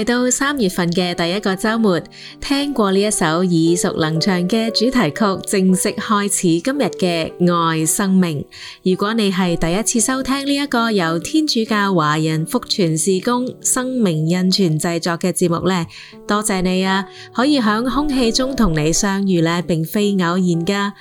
嚟到三月份嘅第一個周末，聽過呢一首耳熟能詳嘅主題曲，正式開始今日嘅愛生命。如果你係第一次收聽呢一個由天主教華人福傳事工生命印傳製作嘅節目呢，多謝你啊！可以響空氣中同你相遇呢，並非偶然噶。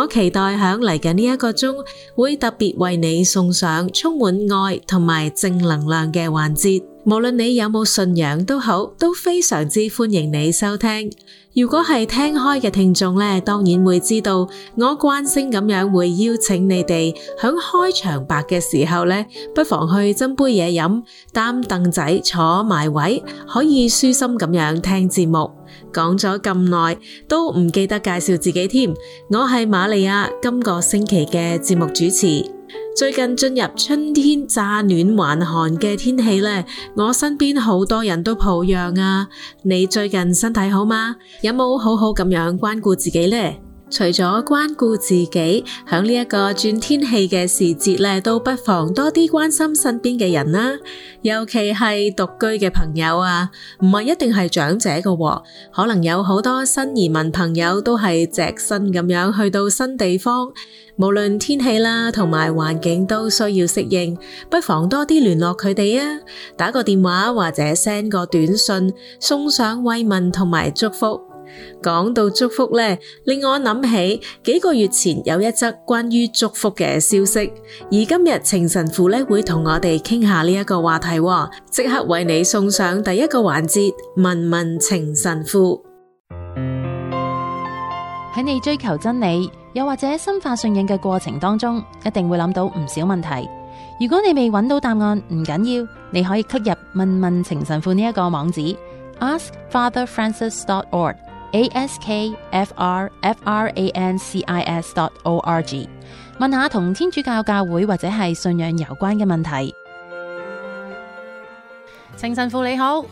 我期待響嚟緊呢一個鐘，會特別為你送上充滿愛同埋正能量嘅環節。無論你有冇信仰都好，都非常之歡迎你收聽。如果係聽開嘅聽眾呢，當然會知道我關聲咁樣會邀請你哋響開場白嘅時候呢，不妨去斟杯嘢飲，擔凳仔坐埋位，可以舒心咁樣聽節目。講咗咁耐，都唔記得介紹自己添，我係瑪利亞，今個星期嘅節目主持。最近進入春天乍暖還寒嘅天氣呢，我身邊好多人都抱恙啊！你最近身體好嗎？有冇好好咁樣關顧自己呢？除咗關顧自己，喺呢一個轉天氣嘅時節咧，都不妨多啲關心身邊嘅人啦。尤其係獨居嘅朋友啊，唔係一定係長者嘅，可能有好多新移民朋友都係隻身咁樣去到新地方，無論天氣啦同埋環境都需要適應，不妨多啲聯絡佢哋啊，打個電話或者 send 個短信，送上慰問同埋祝福。講到祝福呢，令我諗起幾個月前有一則關於祝福嘅消息。而今日程神父呢會同我哋傾下呢一個話題，即刻為你送上第一個環節。問問程神父。喺你追求真理，又或者深化信仰嘅過程當中，一定會諗到唔少問題。如果你未搵到答案，唔緊要，你可以輸入問問程神父呢一個網址，ask father francis dot org。askfrfrancis.org 問下同天主教教會或者係信仰有關嘅問題。程神父你好，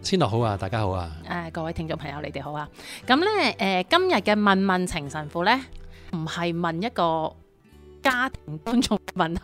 千樂好啊，大家好啊，誒、啊、各位聽眾朋友你哋好啊，咁咧誒今日嘅問問程神父咧唔係問一個家庭觀眾嘅問題，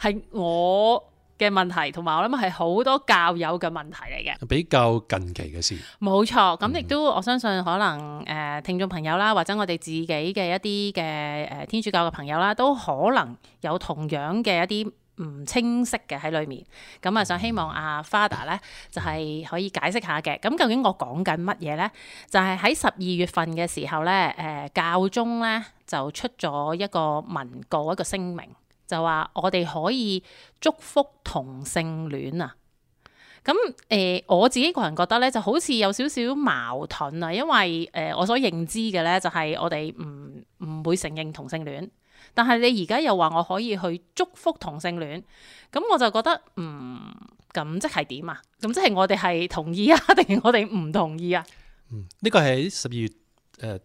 係我。嘅問題，同埋我諗係好多教友嘅問題嚟嘅，比較近期嘅事。冇錯，咁亦都我相信可能誒、呃、聽眾朋友啦，或者我哋自己嘅一啲嘅、呃、天主教嘅朋友啦，都可能有同樣嘅一啲唔清晰嘅喺裏面。咁啊，想希望阿 Father 咧，就係、是、可以解釋下嘅。咁究竟我講緊乜嘢呢？就係喺十二月份嘅時候呢、呃，教宗呢就出咗一個文告，一個聲明。就話我哋可以祝福同性戀啊？咁誒、呃、我自己個人覺得咧，就好似有少少矛盾啊。因為誒、呃、我所認知嘅咧，就係我哋唔唔會承認同性戀。但係你而家又話我可以去祝福同性戀，咁我就覺得唔咁、嗯、即係點啊？咁即係我哋係同意啊，定我哋唔同意啊？呢、嗯呢個係十二月。呃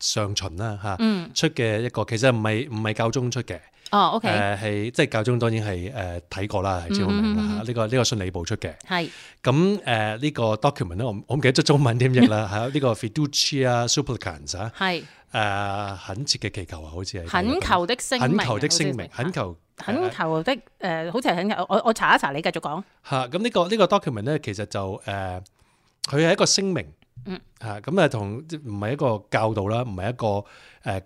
上旬啦嚇，出嘅一個其實唔係唔係教宗出嘅，哦 O K，誒係即係教宗當然係誒睇過啦，係最著名啦嚇。呢個呢個信理部出嘅，係咁誒呢個 document 咧，我我唔記得咗中文點譯啦嚇。呢個 Fiducia Supplicans 啊，係誒懇切嘅祈求啊，好似係懇求的聲明，懇求的聲明，懇求懇求的誒，好似係懇求。我我查一查，你繼續講嚇。咁呢個呢個 document 咧，其實就誒，佢係一個聲明。嗯，係咁啊，同唔係一個教導啦，唔係一個誒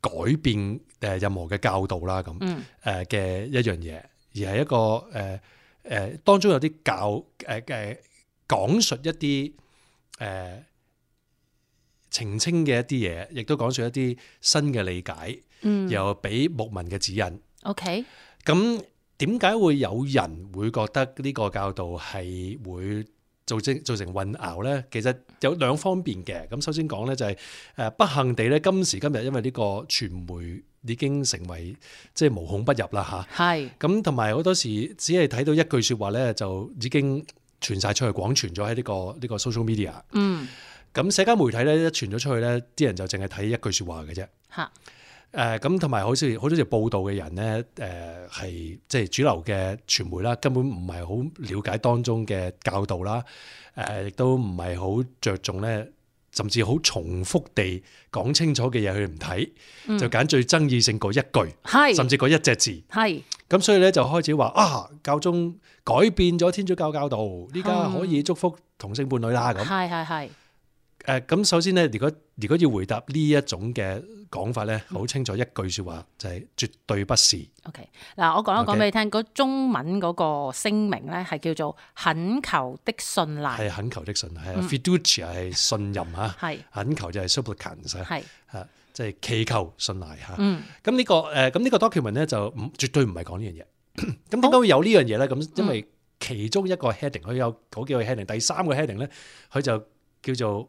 改變誒任何嘅教導啦，咁誒嘅一樣嘢，而係一個誒誒當中有啲教誒嘅講述一啲誒澄清嘅一啲嘢，亦都講述一啲新嘅理解，嗯，又俾牧民嘅指引，OK，咁點解會有人會覺得呢個教導係會？造成造成混淆咧，其實有兩方面嘅。咁首先講咧就係誒不幸地咧，今時今日因為呢個傳媒已經成為即係無孔不入啦吓，係。咁同埋好多時只係睇到一句說話咧，就已經傳晒出去，廣傳咗喺呢個呢個 social media。嗯。咁社交媒體咧、嗯、一傳咗出去咧，啲人就淨係睇一句說話嘅啫。吓。咁同埋好似好多時報道嘅人咧，係、呃、即係主流嘅傳媒啦，根本唔係好了解當中嘅教導啦，亦、呃、都唔係好着重咧，甚至好重複地講清楚嘅嘢佢唔睇，就揀最爭議性嗰一句，甚至嗰一隻字，係，咁所以咧就開始話啊教宗改變咗天主教教導，依家可以祝福同性伴侶啦咁。誒、啊，咁首先咧，如果如果要回答呢一種嘅講法咧，好、嗯、清楚一句說話就係、是、絕對不是。O K. 嗱，我講一講俾你聽，個、okay. 中文嗰個聲明咧係叫做懇求的信賴，係懇求的信賴 fiduciary 係信任吓，係懇求就係 supplicans，p 係啊，即係祈求信賴吓。咁、嗯、呢、啊這個誒，咁、啊、呢個 document 咧就唔絕對唔係講呢樣嘢。咁點解會有呢樣嘢咧？咁、嗯、因為其中一個 heading 佢有好幾個 heading，第三個 heading 咧佢就叫做。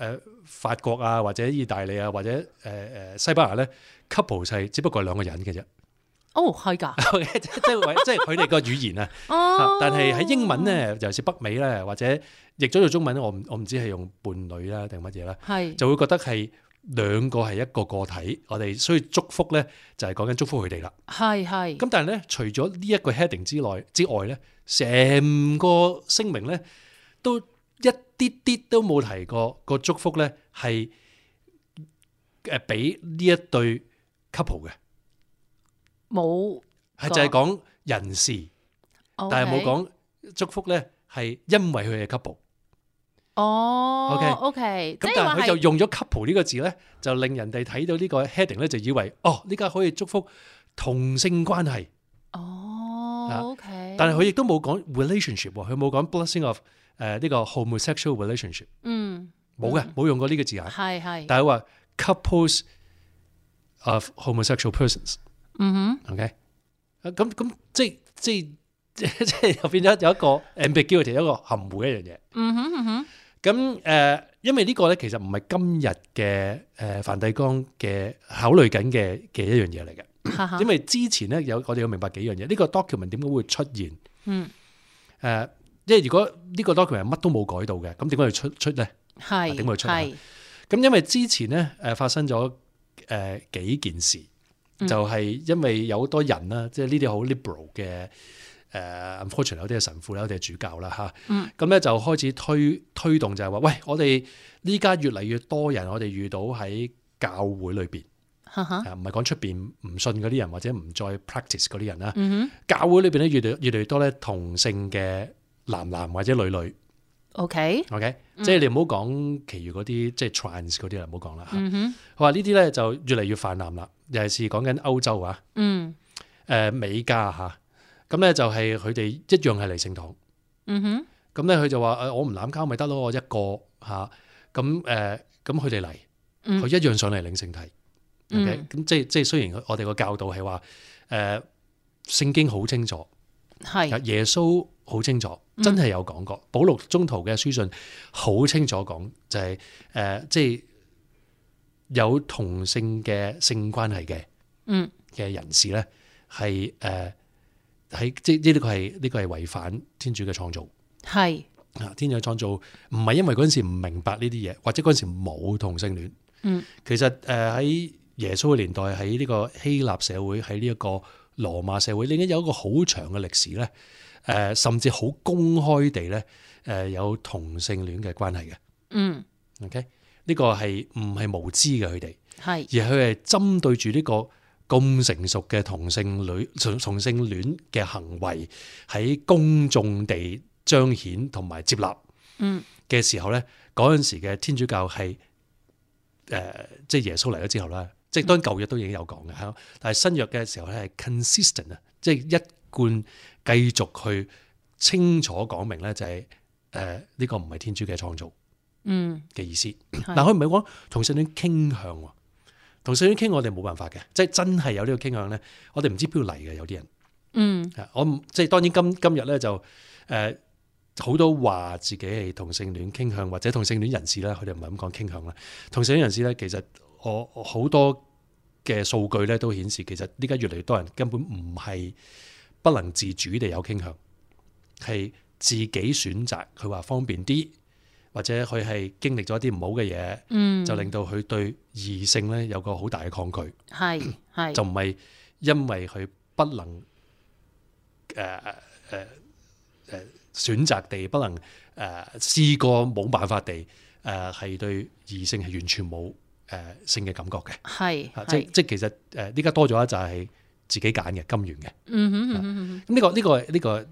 誒法國啊，或者意大利啊，或者誒誒、呃、西班牙咧，couple 係只不過係兩個人嘅啫。哦，係㗎，即係即係佢哋個語言啊。哦，但係喺英文咧，尤其是北美咧，或者譯咗做中文咧，我唔我唔知係用伴侶啦定乜嘢啦，係就會覺得係兩個係一個個體。我哋所以祝福咧，就係講緊祝福佢哋啦。係係。咁但係咧，除咗呢一個 heading 之外之外咧，成個聲明咧都。啲啲都冇提過，個祝福咧係誒俾呢一對 couple 嘅，冇係就係講人事，但係冇講祝福咧係因為佢哋係 couple。哦，OK，OK，咁但係佢就用咗 couple 呢個字咧，就令人哋睇到呢個 heading 咧就以為哦，呢家可以祝福同性關係。哦，OK，但係佢亦都冇講 relationship，佢冇講 blessing of。誒、呃、呢、這個 homosexual relationship，嗯，冇嘅，冇、嗯、用過呢個字眼，係係。但係佢話 couples of homosexual persons，嗯哼，OK，咁、啊、咁即即即即又變咗有一個 ambiguity， 有一個含糊的一樣嘢，嗯哼，咁誒、嗯呃，因為這個呢個咧其實唔係今日嘅誒梵蒂岡嘅考慮緊嘅嘅一樣嘢嚟嘅，因為之前咧有我哋要明白幾樣嘢，呢、這個 document 點解會出現，嗯，誒、呃。即係如果呢個 document 乜都冇改到嘅，咁點解要出出咧？係點會出呢？咁因為之前咧，誒、呃、發生咗誒、呃、幾件事，嗯、就係、是、因為有好多人啦，即係呢啲好 liberal 嘅誒，unfortunately 有啲係神父啦，有啲係主教啦，吓、啊。咁、嗯、咧就開始推推動就說，就係話喂，我哋呢家越嚟越多人，我哋遇到喺教會裏邊唔係講出邊唔信嗰啲人或者唔再 practice 嗰啲人啦、嗯。教會裏邊咧越嚟越嚟越多咧同性嘅。男男或者女女，OK，OK，、okay? okay? 即係你唔好講其餘嗰啲，即、就、係、是、trans 嗰啲啊，唔好講啦吓。佢話呢啲咧就越嚟越泛濫啦，尤其是講緊歐洲啊，嗯，誒，美加吓，咁、啊、咧就係佢哋一樣係嚟聖堂，嗯哼，咁咧佢就話誒，我唔攬交咪得咯，我一個吓，咁、啊、誒，咁佢哋嚟，佢、呃、一樣上嚟領聖體、mm -hmm.，OK，咁即係即係雖然我我哋個教導係話，誒、呃，聖經好清楚，係耶穌好清楚。真係有講過，保祿中途嘅書信好清楚講，就係、是、誒、呃，即係有同性嘅性關係嘅，嗯嘅人士咧，係誒喺即係呢、這個係呢、這個係違反天主嘅創造，係啊，天主嘅創造唔係因為嗰陣時唔明白呢啲嘢，或者嗰陣時冇同性戀，嗯，其實誒喺、呃、耶穌嘅年代喺呢個希臘社會喺呢一個。羅馬社會已經有一個好長嘅歷史咧，誒甚至好公開地咧，誒有同性戀嘅關係嘅。嗯，OK，呢個係唔係無知嘅佢哋，係而佢係針對住呢個咁成熟嘅同性女同性戀嘅行為喺公眾地彰顯同埋接納的。嗯嘅時候咧，嗰陣時嘅天主教係誒即係耶穌嚟咗之後咧。即係當然舊約都已經有講嘅，係、嗯、但係新約嘅時候咧係 consistent 啊，即係一貫繼續去清楚講明咧，就係誒呢個唔係天主嘅創造，嗯嘅意思。嗱、嗯，佢唔係講同性戀傾向，同性戀傾向我哋冇辦法嘅。即係真係有呢個傾向咧，我哋唔知邊度嚟嘅有啲人，嗯，我即係當然今今日咧就誒好、呃、多話自己係同性戀傾向或者同性戀人士咧，佢哋唔係咁講傾向啦。同性戀人士咧其實。我好多嘅數據咧，都顯示，其實呢家越嚟越多人根本唔係不能自主地有傾向，係自己選擇，佢話方便啲，或者佢係經歷咗一啲唔好嘅嘢，嗯，就令到佢對異性咧有個好大嘅抗拒，係係就唔係因為佢不能誒誒誒選擇地不能誒試過冇辦法地誒係對異性係完全冇。誒性嘅感覺嘅，係、啊，即即其實誒依家多咗就係自己揀嘅金元嘅，咁呢、嗯嗯啊呢個呢、呢個呢、呢個呢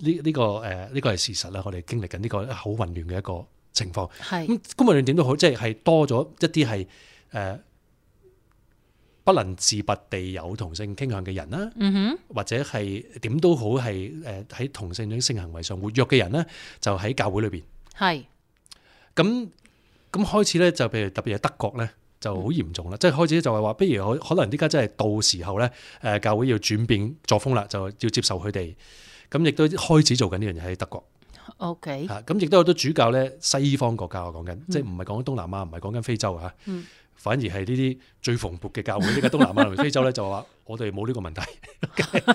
呢、呢個誒呢、呃呢個係事實啦，我哋經歷緊呢個好混亂嘅一個情況，係，咁、嗯、公務員點都好，即係多咗一啲係誒不能自拔地有同性傾向嘅人啦、嗯，或者係點都好係誒喺同性戀性行為上活躍嘅人咧，就喺教會裏邊，係，咁咁開始咧就譬如特別係德國咧。就好嚴重啦、嗯，即係開始就係話，不如可可能依家真係到時候咧，誒、呃、教會要轉變作風啦，就要接受佢哋。咁亦都開始做緊呢樣嘢喺德國。OK，咁亦都有啲主教咧，西方國家我講緊、嗯，即係唔係講緊東南亞，唔係講緊非洲啊、嗯，反而係呢啲最蓬勃嘅教會。依家東南亞同非洲咧 就話，我哋冇呢個問題。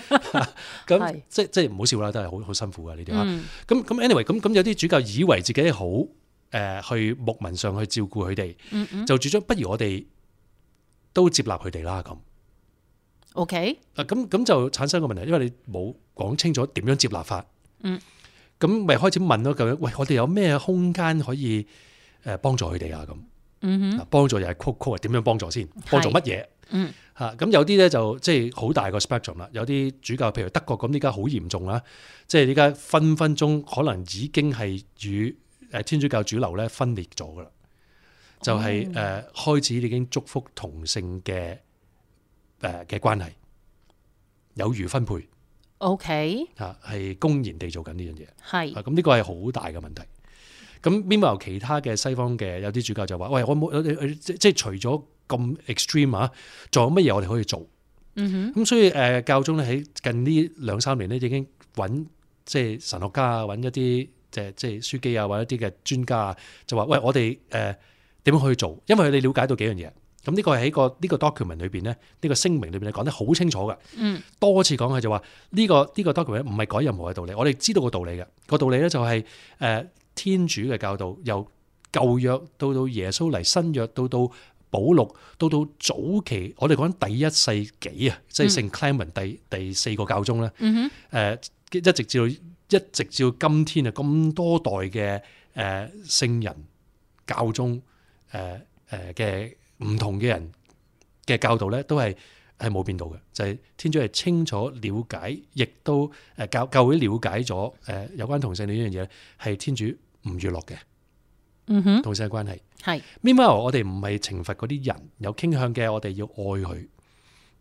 咁、 啊、即即係唔好笑啦，真係好好辛苦、嗯、啊呢啲嚇。咁咁 anyway，咁咁有啲主教以為自己好。誒，去牧民上去照顧佢哋，就主張不如我哋都接納佢哋啦。咁，OK，咁咁就產生個問題，因為你冇講清楚點樣接納法。嗯，咁咪開始問咯，究竟喂，我哋有咩空間可以誒幫助佢哋啊？咁，嗯哼，幫助又係曲曲，點樣幫助先？幫助乜嘢？吓、嗯、咁有啲咧就即係好大個 spectrum 啦。有啲主教，譬如德國咁，依家好嚴重啦，即係依家分分鐘可能已經係與。誒，天主教主流咧分裂咗噶啦，就係誒開始已經祝福同性嘅誒嘅關係，有如分配。OK，吓係公然地做緊呢樣嘢。係咁呢個係好大嘅問題。咁邊埋由其他嘅西方嘅有啲主教就話：喂，我冇即係即係除咗咁 extreme 啊，仲有乜嘢我哋可以做？嗯哼。咁所以誒教宗咧喺近呢兩三年咧已經揾即係神學家啊揾一啲。即係即係書記啊，或者一啲嘅專家啊，就話：喂，我哋誒點樣去做？因為你了解到幾樣嘢。咁、這、呢個係喺個呢、這個 document 裏邊咧，呢個聲明裏邊你講得好清楚嘅。嗯。多次講佢就話：呢、這個呢、這個 document 唔係改任何嘅道理。我哋知道個道理嘅個道理咧、就是，就係誒天主嘅教導，由舊約到到耶穌嚟，新約到到保祿到到早期，我哋講緊第一世紀啊，即係聖 Clement 第、嗯、第四個教宗啦嗯、呃、一直至到。一直到今天啊，咁多代嘅誒聖人教宗誒誒嘅唔同嘅人嘅教導咧，都係係冇變到嘅。就係、是、天主係清楚了解，亦都誒教教會了解咗誒、呃、有關同性戀呢樣嘢，係天主唔悅樂嘅。嗯哼，同性嘅關係係。Meanwhile，我哋唔係懲罰嗰啲人有傾向嘅，我哋要愛佢。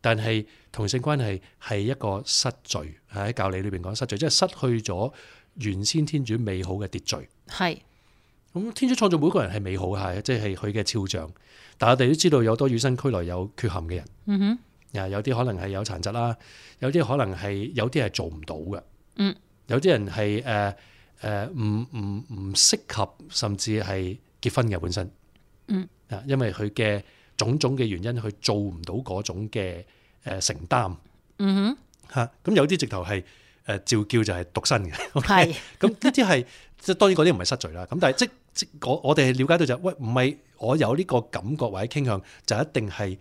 但係同性關係係一個失序，喺教理裏面講失序，即係失去咗原先天主美好嘅秩序。係，咁天主創造每個人係美好嘅，即係佢嘅肖像。但係我哋都知道有多與生俱來有缺陷嘅人。嗯哼，啊，有啲可能係有殘疾啦，有啲可能係有啲係做唔到嘅。嗯，有啲人係誒誒唔唔唔適合，甚至係結婚嘅本身。嗯，啊，因為佢嘅。種種嘅原因，去做唔到嗰種嘅誒承擔。嗯哼嚇，咁有啲直頭係誒照叫就係獨身嘅。係。咁啲啲係即係當然嗰啲唔係失罪啦。咁但係即即我我哋係瞭解到就係喂，唔係我有呢個感覺或者傾向就一定係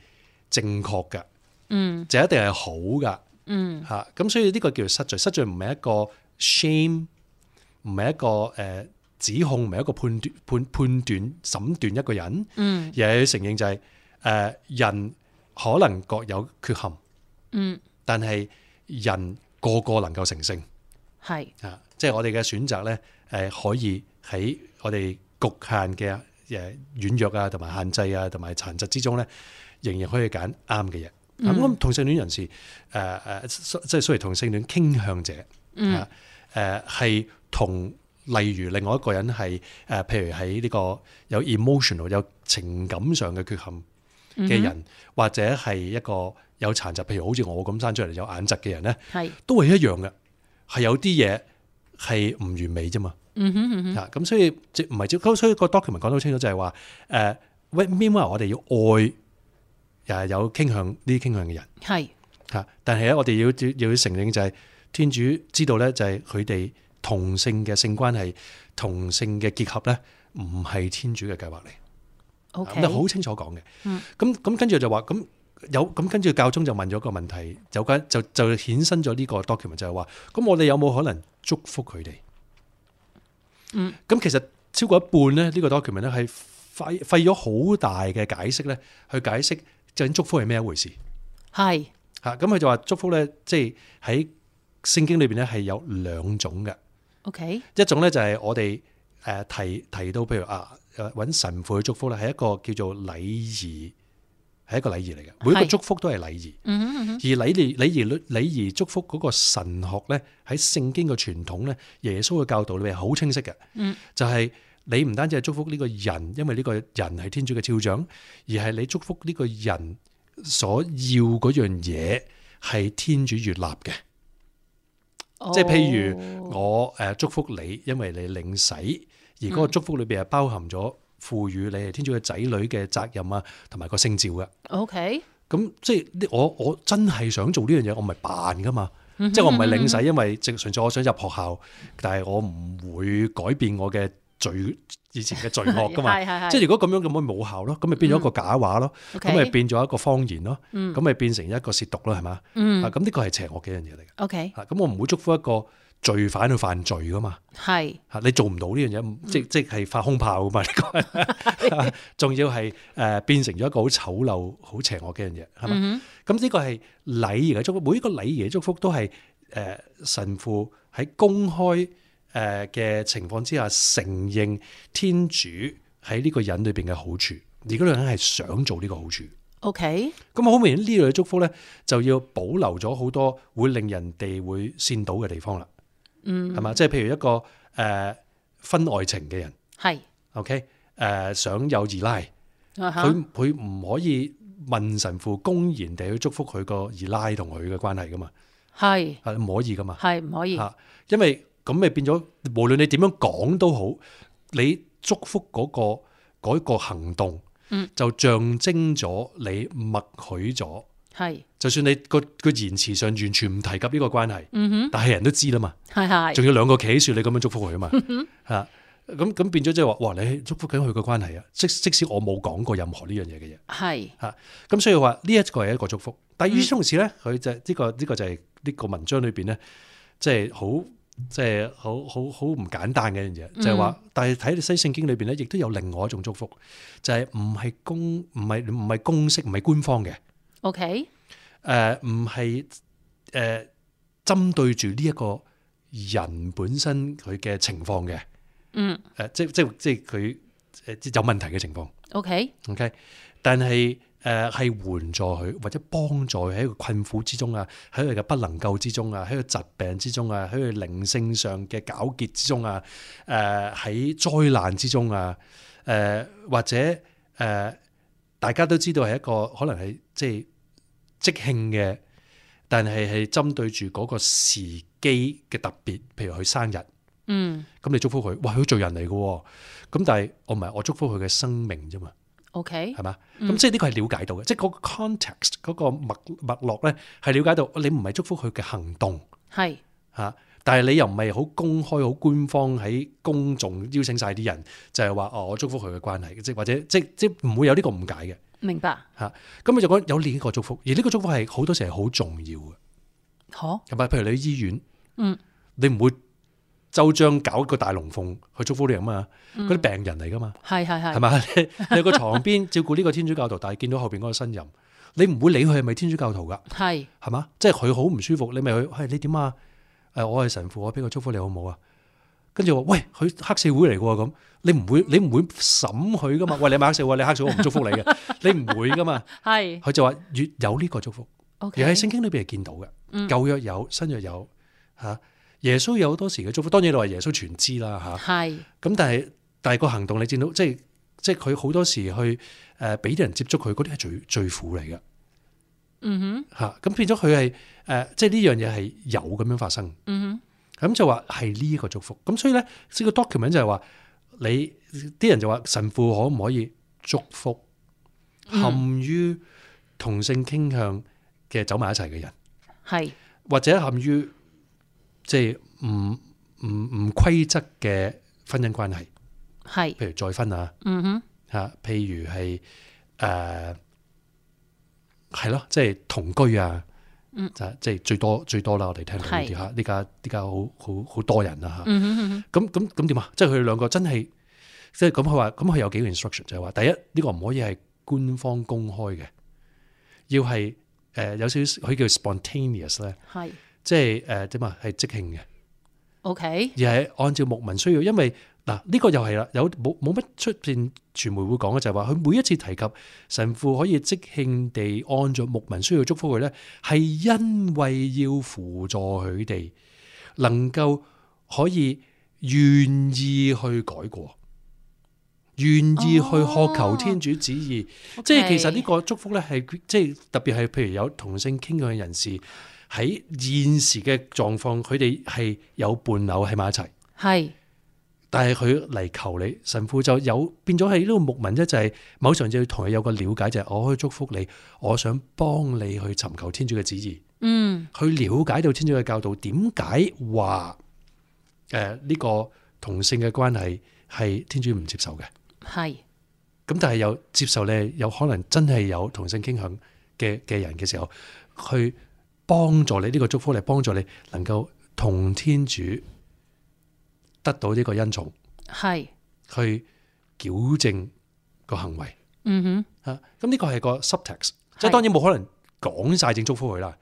正確嘅。嗯，就一定係好噶。嗯嚇，咁所以呢個叫做失罪。失罪唔係一個 shame，唔係一個誒指控，唔係一個判斷判判斷審斷一個人。嗯，亦係要承認就係。誒人可能各有缺陷，嗯，但係人個個能夠成聖係啊，即係、就是、我哋嘅選擇咧，誒可以喺我哋局限嘅誒軟弱啊，同埋限制啊，同埋殘疾之中咧，仍然可以揀啱嘅嘢。咁、嗯、我同性戀人士誒誒、呃，即係屬於同性戀傾向者，嗯，誒、呃、係同例如另外一個人係誒、呃，譬如喺呢個有 emotional 有情感上嘅缺陷。嘅人或者係一個有殘疾，譬如好似我咁生出嚟有眼疾嘅人咧，都係一樣嘅，係有啲嘢係唔完美啫嘛。吓、嗯、咁、嗯嗯、所以即唔係即所以個 document 講得好清楚就是說，就係話誒，喂，起碼我哋要愛誒、呃、有傾向呢啲傾向嘅人係吓，但係咧我哋要要承認就係、是、天主知道咧，就係佢哋同性嘅性關係、同性嘅結合咧，唔係天主嘅計劃嚟。好、okay, 清楚講嘅，咁、嗯、咁跟住就話咁有咁跟住教宗就問咗個問題，有關就就，就衍生咗呢個 document 就係話咁我哋有冇可能祝福佢哋？嗯，咁其實超過一半咧，呢個 document 咧係費費咗好大嘅解釋咧，去解釋究竟祝福係咩一回事？係吓，咁、嗯、佢就話祝福咧，即係喺聖經裏邊咧係有兩種嘅。Okay，一種咧就係我哋誒提提到，譬如啊。揾神父嘅祝福咧，係一個叫做禮儀，係一個禮儀嚟嘅。每一個祝福都係禮儀、嗯，而禮儀、禮儀、禮儀祝福嗰個神學咧，喺聖經嘅傳統咧，耶穌嘅教導裏面係好清晰嘅、嗯。就係、是、你唔單止係祝福呢個人，因為呢個人係天主嘅肖像，而係你祝福呢個人所要嗰樣嘢係天主悅納嘅。即係譬如我誒祝福你，因為你領洗。而嗰個祝福裏邊係包含咗賦予你係天主嘅仔女嘅責任啊，同埋個聖召嘅。OK。咁即係我我真係想做呢樣嘢，我咪扮噶嘛。Mm -hmm. 即係我唔係領洗，因為純粹我想入學校，但係我唔會改變我嘅罪以前嘅罪惡噶嘛。 是是是，即係如果咁樣咁咪冇效咯，咁咪變咗一個假話咯，咁咪變咗一個謊言咯，咁、okay。咪變成一個褻瀆咯，係嘛？嗯。啊，咁呢、嗯、個係邪惡嘅一樣嘢嚟嘅。OK。啊，咁我唔會祝福一個。罪犯去犯，犯罪噶嘛？係，你做唔到呢樣嘢，即即係發空炮噶嘛？仲、這個、要係誒，變成咗一個好醜陋、好邪惡嘅樣嘢，係嘛？咁、嗯、呢、這個係禮儀嘅祝福，每一個禮儀嘅祝福都係誒、呃、神父喺公開誒嘅情況之下承認天主喺呢個人裏邊嘅好處，而、這、嗰個人係想做呢個好處。OK，咁好明顯呢類嘅祝福咧就要保留咗好多會令人哋會善導嘅地方啦。嗯，係嘛？即係譬如一個誒婚外情嘅人，係，OK，誒、呃、想有二奶，佢佢唔可以問神父公然地去祝福佢個二奶同佢嘅關係噶嘛？係，係唔可以噶嘛？係唔可以？吓，因為咁咪變咗，無論你點樣講都好，你祝福嗰、嗰個、嗰個行動，就象徵咗你默許咗。嗯係，就算你個個言辭上完全唔提及呢個關係，嗯、但係人都知啦嘛。係仲要兩個企喺你咁樣祝福佢啊嘛。吓、嗯，咁、啊、咁變咗即係話，哇！你祝福緊佢個關係啊，即即使我冇講過任何呢樣嘢嘅嘢。係吓，咁、啊、所以話呢一個係一個祝福，但與此同時咧，佢就呢、這個呢、這個就係、是、呢、這個文章裏邊咧，即係好即係好好好唔簡單嘅一樣嘢，就係、是、話、嗯，但係睇你西聖經裏邊咧，亦都有另外一種祝福，就係唔係公唔係唔係公式唔係官方嘅。OK，誒唔係誒針對住呢一個人本身佢嘅情況嘅，嗯、mm. 呃，誒即即即佢誒有問題嘅情況，OK，OK，okay? okay? 但係誒係援助佢或者幫助佢喺一個困苦之中啊，喺佢嘅不能夠之中啊，喺個疾病之中啊，喺佢靈性上嘅糾結之中啊，誒、呃、喺災難之中啊，誒、呃、或者誒、呃、大家都知道係一個可能係即係。即興嘅，但係係針對住嗰個時機嘅特別，譬如佢生日，嗯，咁你祝福佢，哇，佢做人嚟嘅，咁但係我唔係，我祝福佢嘅生命啫嘛，OK，係嘛？咁、嗯、即係呢個係了解到嘅，即係嗰個 context 嗰個脈脈絡呢係了解到，你唔係祝福佢嘅行動係嚇，但係你又唔係好公開、好官方喺公眾邀請晒啲人，就係、是、話哦，我祝福佢嘅關係，即係或者即即唔會有呢個誤解嘅。明白，吓咁你就講有呢一個祝福，而呢個祝福係好多時係好重要嘅。好，係咪，譬如你去醫院，嗯，你唔會周章搞一個大龍鳳去祝福你啊嘛，嗰、嗯、啲病人嚟噶嘛，係係係，係嘛， 你個床邊照顧呢個天主教徒，但係見到後邊嗰個新人，你唔會理佢係咪天主教徒噶，係係嘛，即係佢好唔舒服，你咪去，係、哎、你點啊？誒、呃，我係神父，我俾個祝福你好唔好啊？跟住話喂，佢黑社會嚟嘅咁，你唔會你唔會審佢噶嘛？ 喂，你係咪黑社會？你黑社會我唔祝福你嘅， 你唔會噶嘛？係 佢就話越有呢個祝福，其、okay、喺聖經裏邊係見到嘅、嗯，舊約有，新約有，吓耶穌有多時嘅祝福。當然你話耶穌全知啦吓，係咁但係但係個行動你見到即係即係佢好多時去誒俾啲人接觸佢嗰啲係最最苦嚟嘅，嗯哼吓咁變咗佢係誒即係呢樣嘢係有咁樣發生，嗯哼。啊咁就話係呢個祝福，咁所以咧，呢個 document 就係話，你啲人就話神父可唔可以祝福陷於同性傾向嘅走埋一齊嘅人，係、嗯、或者陷於即係唔唔唔規則嘅婚姻關係，係，譬如再婚啊，嗯哼，吓，譬如係誒係咯，即係同居啊。就、嗯、係即係最多最多啦，我哋聽到啲嚇，呢家呢家好好好多人啦、啊、嚇。咁咁咁點啊？即係佢哋兩個真係即係咁佢話，咁佢有幾個 instruction 就係話，第一呢、呢個唔可以係官方公開嘅，要係誒、呃、有少少佢叫 spontaneous 咧，即係誒點啊係即興嘅。OK，而係按照牧民需要，因為。嗱、這個，呢個又係啦，有冇冇乜出面傳媒會講嘅就係話佢每一次提及神父可以即興地按照牧民需要祝福佢咧，係因為要輔助佢哋能夠可以願意去改過，願意去渴求天主旨意。哦、即係其實呢個祝福咧係即係特別係，譬如有同性傾向嘅人士喺現時嘅狀況，佢哋係有伴扭喺埋一齊係。但係佢嚟求你，神父就有變咗係呢個牧民、就是、一就係某程度就要同你有個了解，就係、是、我可以祝福你，我想幫你去尋求天主嘅旨意，嗯，去了解到天主嘅教導，點解話誒呢個同性嘅關係係天主唔接受嘅，係，咁但係有接受你有可能真係有同性傾向嘅嘅人嘅時候，去幫助你呢、這個祝福嚟幫助你，能夠同天主。得到呢個恩寵，係去矯正個行為。嗯哼，啊，咁、這、呢個係個 subtext，即係當然冇可能講晒正祝福佢啦。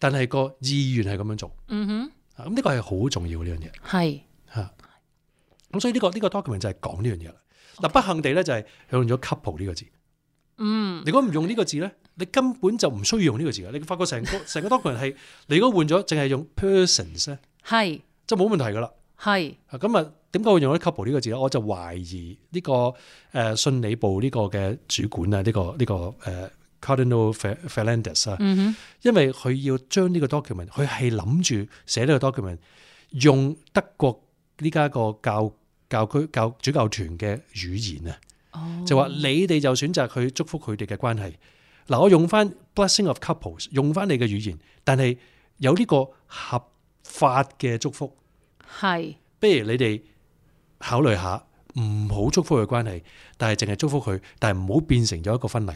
但係個意願係咁樣做。嗯哼，咁、啊、呢、這個係好重要呢樣嘢。係吓，咁、啊、所以呢、這個呢、這個 document 就係講呢樣嘢啦。嗱、okay.，不幸地咧就係用咗 couple 呢個字。嗯，如果唔用呢個字咧，okay. 你根本就唔需要用呢個字啊！你發覺成個成 個 document 係，你如果換咗淨係用 persons 咧，係就冇問題噶啦。係，咁啊，點解會用咗 couple 呢個字咧？我就懷疑呢、這個誒、呃、信理部呢個嘅主管啊、呢、這個呢、這個誒、呃、Cardinal Fernandez 啊、嗯，因為佢要將呢個 document，佢係諗住寫呢個 document 用德國呢家個教教區教主教團嘅語言啊、哦，就話你哋就選擇去祝福佢哋嘅關係。嗱，我用翻 Blessing of Couples，用翻你嘅語言，但係有呢個合法嘅祝福。係，不如你哋考慮下，唔好祝福佢關係，但係淨係祝福佢，但係唔好變成咗一個婚禮。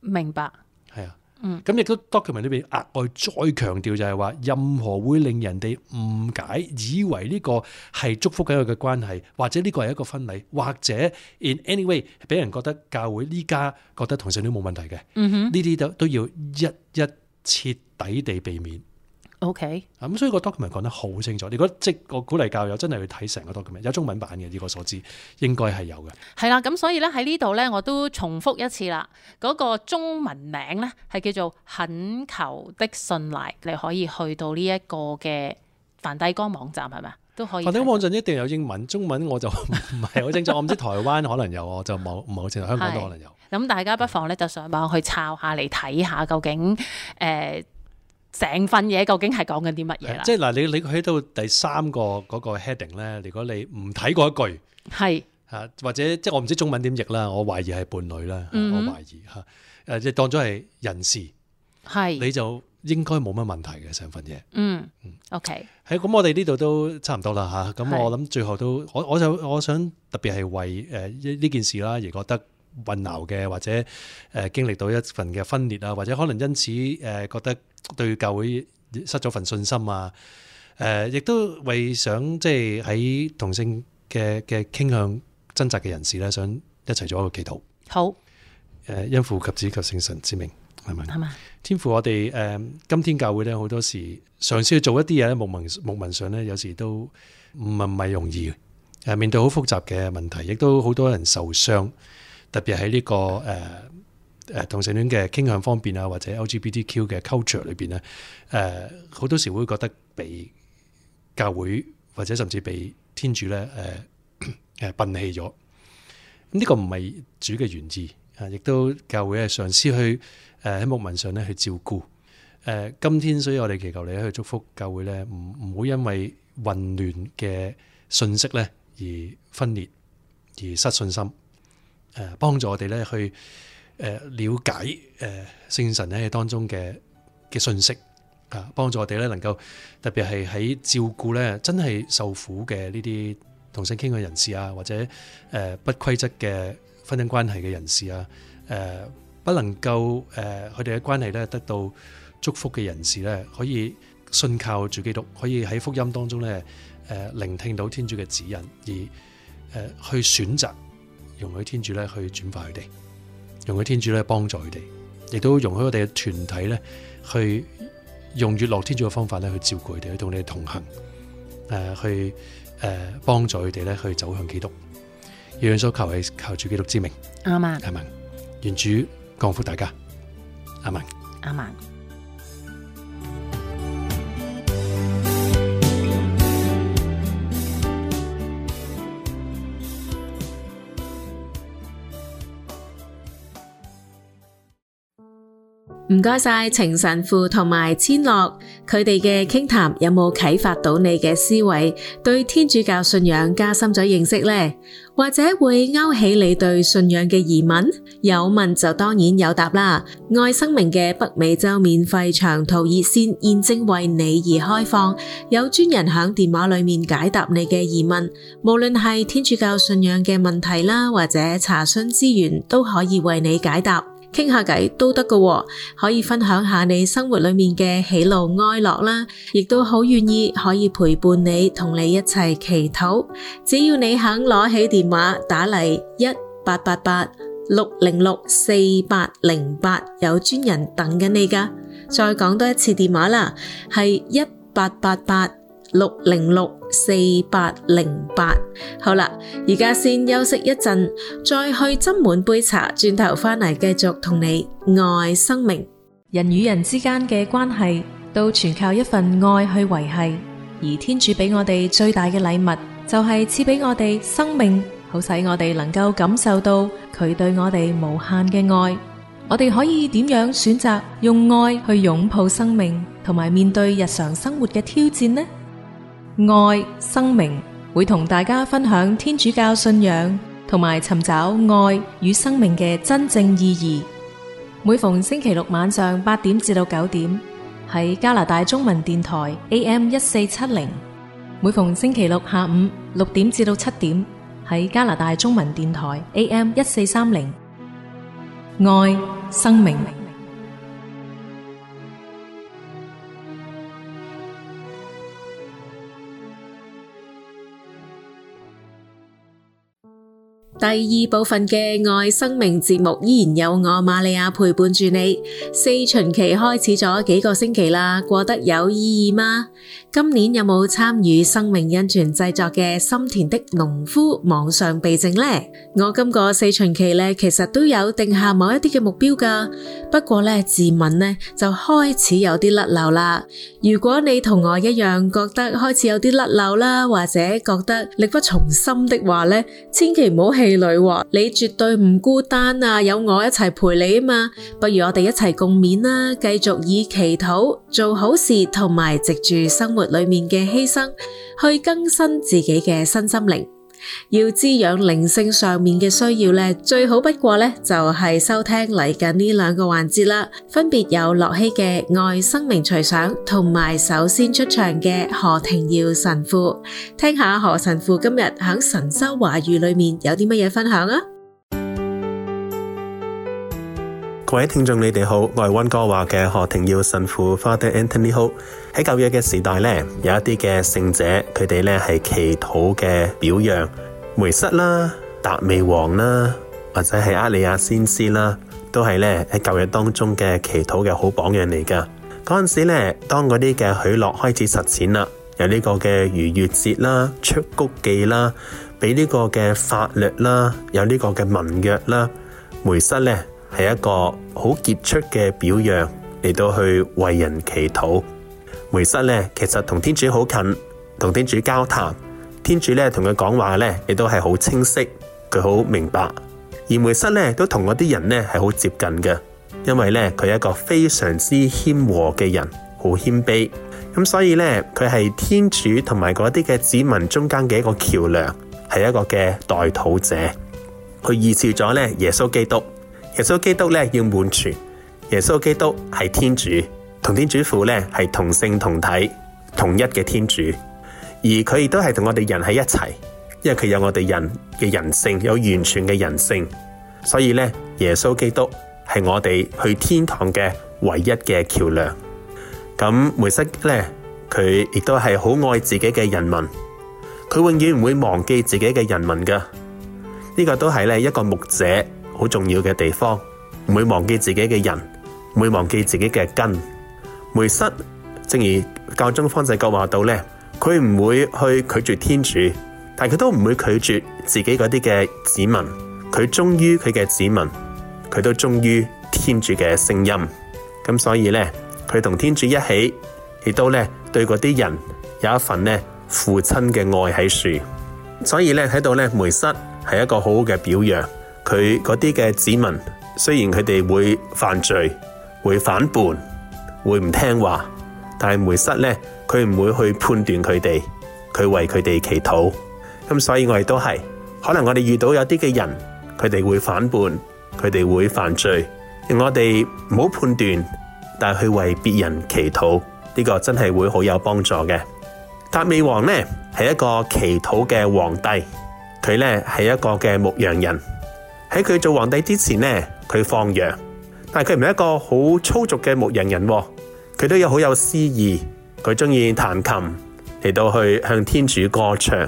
明白。係啊，嗯，咁亦都 document 裏邊額外再強調就係話，任何會令人哋誤解以為呢個係祝福緊佢嘅關係，或者呢個係一個婚禮，或者 in any way 俾人覺得教會呢家覺得同性戀冇問題嘅，嗯哼，呢啲都都要一一徹底地避免。O K，咁，所以個 documentary 講得好清楚。你覺得即係我鼓勵教友真係去睇成個 document，有中文版嘅，以我所知應該係有嘅。係啦，咁所以咧喺呢度咧，我都重複一次啦。嗰個中文名咧係叫做《懇求的信賴》，你可以去到呢一個嘅梵蒂岡網站係咪？都可以看。梵蒂岡網站一定有英文、中文，我就唔係好清楚。 我唔知台灣可能有，我就冇唔係好清楚。香港都可能有。咁大家不妨咧就上網去抄下嚟睇下，究竟誒。呃成份嘢究竟係講緊啲乜嘢啦？即係嗱，你你喺到第三個嗰個 heading 咧，如果你唔睇過一句，係或者即係我唔知中文點譯啦，我懷疑係伴侶啦、嗯，我懷疑嚇誒即係當咗係人事，係你就應該冇乜問題嘅成份嘢。嗯 OK 喺咁，okay 嗯嗯嗯嗯 okay 嗯、我哋呢度都差唔多啦嚇，咁我諗最後都，我我就我想特別係為呢、呃、件事啦，而覺得。混淆嘅，或者誒、呃、經歷到一份嘅分裂啊，或者可能因此誒、呃、覺得對教會失咗份信心啊。誒、呃，亦都為想即係喺同性嘅嘅傾向掙扎嘅人士咧，想一齊做一個祈禱。好誒，因、呃、父及子及聖神之名，係咪係咪天父？我哋誒、呃、今天教會咧，好多時嘗試去做一啲嘢咧，牧民牧民上咧，有時都唔係唔係容易嘅、呃、面對好複雜嘅問題，亦都好多人受傷。特別喺呢、這個誒誒、呃、同性戀嘅傾向方面，啊，或者 LGBTQ 嘅 culture 裏邊咧，誒、呃、好多時會覺得被教會或者甚至被天主咧誒誒摒棄咗。呢、這個唔係主嘅原意，亦、啊、都教會係嘗試去誒喺、呃、牧民上咧去照顧。誒、呃，今天所以我哋祈求你去祝福教會咧，唔唔會因為混亂嘅信息咧而分裂而失信心。誒幫助我哋咧去誒瞭解誒聖神喺當中嘅嘅信息啊，幫助我哋咧能夠特別係喺照顧咧真係受苦嘅呢啲同性傾向嘅人士啊，或者誒不規則嘅婚姻關係嘅人士啊，誒不能夠誒佢哋嘅關係咧得到祝福嘅人士咧，可以信靠主基督，可以喺福音當中咧誒聆聽到天主嘅指引而誒去選擇。容許天主咧去轉化佢哋，容許天主咧幫助佢哋，亦都容許我哋嘅團體咧去用悅樂天主嘅方法咧去照顧佢哋，去同你哋同行，誒、呃，去誒幫、呃、助佢哋咧去走向基督，以上所求係求住基督之名，阿們。阿們，願主降福大家，阿們，阿們。唔該晒，程神父同埋千洛，佢哋嘅傾談有冇啟發到你嘅思維，對天主教信仰加深咗認識呢？或者會勾起你對信仰嘅疑問？有問就當然有答啦！愛生命嘅北美洲免費長途熱線現正為你而開放，有專人響電話裏面解答你嘅疑問，無論係天主教信仰嘅問題啦，或者查詢資源都可以為你解答。傾下偈都得喎。可以分享下你生活裏面嘅喜怒哀樂啦，亦都好願意可以陪伴你，同你一齊祈禱。只要你肯攞起電話打嚟，一八八八六零六四八零八，有專人等緊你㗎。再講多一次電話啦，係一八八八六零六。四八零八，好啦，而家先休息一陣，再去斟滿杯茶，轉頭翻嚟繼續同你愛生命。人與人之間嘅關係，都全靠一份愛去維繫。而天主俾我哋最大嘅禮物，就係賜俾我哋生命，好使我哋能夠感受到佢對我哋無限嘅愛。我哋可以點樣選擇用愛去擁抱生命，同埋面對日常生活嘅挑戰呢？愛生命會同大家分享天主教信仰同埋尋找愛與生命嘅真正意義。每逢星期六晚上八點至到九點喺加拿大中文電台 AM 一四七零；每逢星期六下午六點至到七點喺加拿大中文電台 AM 一四三零。愛生命。第二部分嘅愛生命節目依然有我瑪利亞陪伴住你。四旬期開始咗幾個星期啦，過得有意義嗎？.今年有冇參與生命恩泉製作嘅《心田的農夫》網上避靜咧？我今個四旬期咧，其實都有定下某一啲嘅目標噶。不過咧，自問咧就開始有啲甩漏啦。如果你同我一樣覺得開始有啲甩漏啦，或者覺得力不從心的話咧，千祈唔好氣餒，你絕對唔孤單啊！有我一齊陪你啊嘛，不如我哋一齊共勉啦，繼續以祈禱、做好事同埋藉住生活。裏面嘅犧牲去更新自己嘅身心靈，要滋養靈性上面嘅需要咧，最好不過咧就係收聽嚟緊呢兩個環節啦，分別有駱曦嘅愛生命隨想，同埋首先出場嘅何庭耀神父，聽下何神父今日喺神修話語裏面有啲乜嘢分享啊！各位聽眾，你哋好，我係温哥華嘅何庭耀神父 Father Anthony Ho。喺舊約嘅時代呢，有一啲嘅聖者，佢哋呢係祈禱嘅表樣，梅瑟啦、達美王啦，或者是阿里亞先師啦，都是呢喺舊約當中嘅祈禱嘅好榜樣嚟㗎。嗰時咧，當嗰啲嘅許諾開始實踐啦，有呢個嘅逾越節啦、出谷記啦，俾呢個嘅法律啦，有呢個嘅盟約。啦梅瑟呢，係一個好傑出嘅表樣嚟到去為人祈禱。梅瑟咧，其實同天主好近，同天主交談，天主咧同佢講話咧，亦都係好清晰，佢好明白。而梅瑟咧都同嗰啲人咧係好接近嘅，因為咧佢係一個非常之謙和嘅人，好謙卑。咁所以咧，佢係天主同埋嗰啲嘅子民中間嘅一個橋樑，係一個嘅代禱者。佢預兆咗咧耶穌基督，耶穌基督咧要滿全，耶穌基督係天主。同天主父呢，係同性同體同一嘅天主，而佢亦都係同我哋人喺一齊，因為佢有我哋人嘅人性，有完全嘅人性，所以呢，耶穌基督係我哋去天堂嘅唯一嘅橋樑。咁梅瑟呢，佢亦都係好愛自己嘅人民，佢永遠唔會忘記自己嘅人民噶呢、這個都係一個牧者好重要嘅地方，唔會忘記自己嘅人，唔會忘記自己嘅根。梅瑟，正如教宗方濟各話到呢，佢唔會去拒絕天主，但他佢都唔會拒絕自己嗰啲嘅子民。佢忠於佢嘅子民，佢都忠於天主嘅聲音。咁所以呢，佢同天主一起，亦都咧對嗰啲人有一份呢父親嘅愛喺樹。所以呢，喺度梅瑟是一個很好嘅表揚。佢嗰啲嘅子民雖然佢哋會犯罪，會反叛。會唔聽話，但係梅瑟咧，佢唔會去判斷佢哋，佢為佢哋祈禱。咁、嗯、所以我哋都係，可能我哋遇到有啲嘅人，佢哋會反叛，佢哋會犯罪，我哋唔好判斷，但係去為別人祈禱，呢、呢個真係會好有幫助嘅。達味王咧係一個祈禱嘅皇帝，佢咧係一個嘅牧羊人，喺佢做皇帝之前咧，佢放羊，但係佢唔係一個好粗俗嘅牧羊人，哦。佢都有好有詩意，佢鍾意彈琴嚟到去向天主歌唱，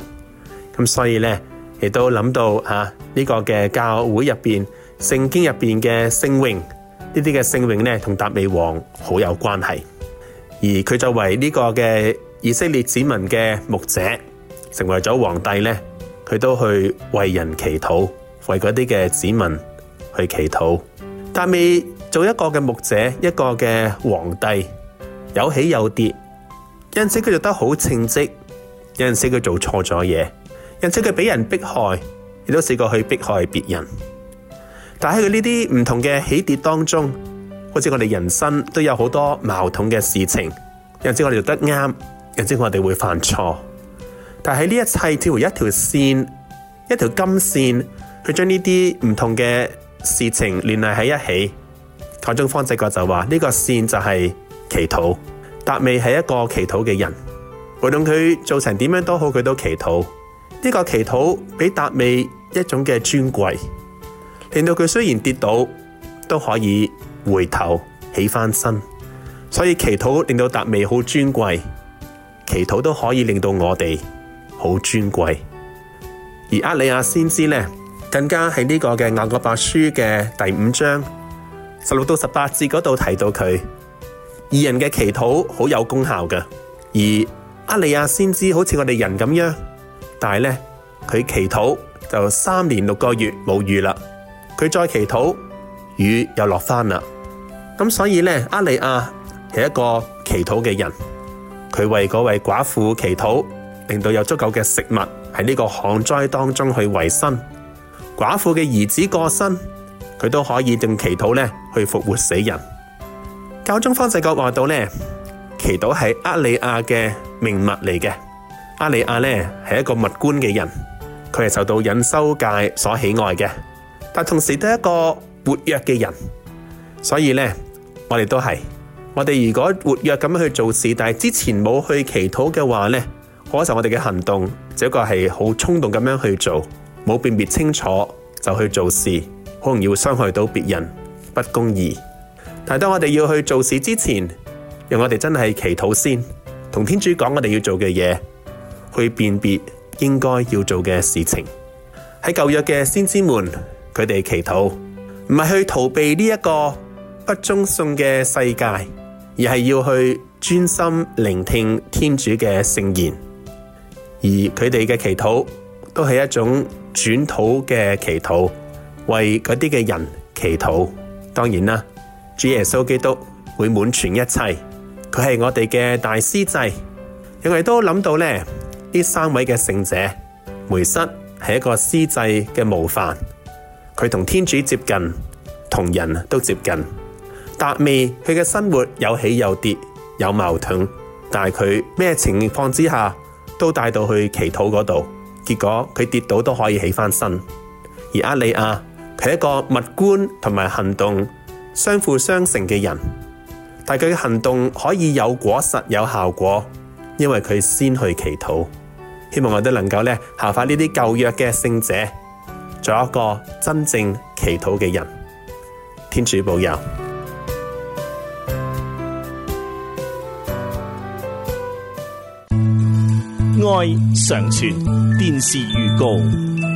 咁所以呢，也諗到吓呢、啊，這個嘅教會入面，聖經入面嘅聖詠呢啲嘅聖詠咧，同達味王好有關係。而佢作為呢個嘅以色列子民嘅牧者，成為咗皇帝呢，佢都去為人祈禱，為嗰啲嘅子民去祈禱。達到一個嘅牧者，一個嘅皇帝，有起有跌，有陣佢做得好稱職。有陣佢做錯咗嘢，有陣佢俾人迫害，亦都試過去迫害別人。但喺佢呢啲唔同嘅起跌當中，好似我哋人生都有好多矛盾嘅事情。有陣我哋做得啱，有陣我哋會犯錯。但喺呢一切，跳回一條線，一條金線，去將呢啲唔同嘅事情連繫喺一起。箇種方直覺，就話呢、這個線就係祈禱，達味係一個祈禱嘅人，無論佢做成點樣都好，佢都祈禱。呢、這個祈禱俾達味一種嘅尊貴，令到佢雖然跌倒都可以回頭起返身。所以祈禱令到達味好尊貴，祈禱都可以令到我哋好尊貴。而厄里亞先知呢，更加係呢、這個嘅《雅各伯書》嘅第五章。十六到十八節嗰度提到佢二人嘅祈禱好有功效㗎。而阿利亞先知好似我哋人咁樣，但係咧佢祈禱就三年六個月冇雨啦，佢再祈禱雨又落翻啦，咁所以咧阿利亞係一個祈禱嘅人，佢為嗰位寡婦祈禱，令到有足夠嘅食物喺呢個旱災當中去維生，寡婦嘅兒子過身，佢都可以用祈禱咧，去復活死人。教宗方濟各話到咧，祈禱係厄利亞嘅命脈嚟嘅。厄利亞咧係一個默觀嘅人，佢係受到隱修界所喜愛嘅。但同時都係一個活躍嘅人，所以咧我哋都係我哋如果活躍咁樣去做事，但係之前冇去祈禱嘅話咧，嗰時候我哋嘅行動，就一個係好衝動咁樣去做，冇辨別清楚就去做事。可能要傷害到別人，不公義，但係當我哋要去做事之前，讓我哋真係祈禱先，同天主講我哋要做嘅嘢，去辨別應該要做嘅事情。喺舊約嘅先知們，佢哋祈禱唔係去逃避呢一個不忠信嘅世界，而係要去專心聆聽天主嘅聖言，而佢哋嘅祈禱都係一種轉土嘅祈禱。為嗰啲嘅人祈禱，當然啦，主耶穌基督會滿全一切，佢係我哋嘅大司祭。因為都諗到咧，呢三位嘅聖者梅瑟係一個司祭嘅模範，佢同天主接近，同人都接近。達味佢嘅生活有起有跌，有矛盾，但係佢咩情況之下都帶到去祈禱嗰度，結果佢跌倒都可以起返身，而阿里亞。佢係一個物觀同埋行動相輔相成嘅人，但佢嘅行動可以有果實有效果，因為佢先去祈禱。希望我哋都能夠咧效法呢啲舊約嘅聖者，做一個真正祈禱嘅人。天主保佑。愛常存。電視預告。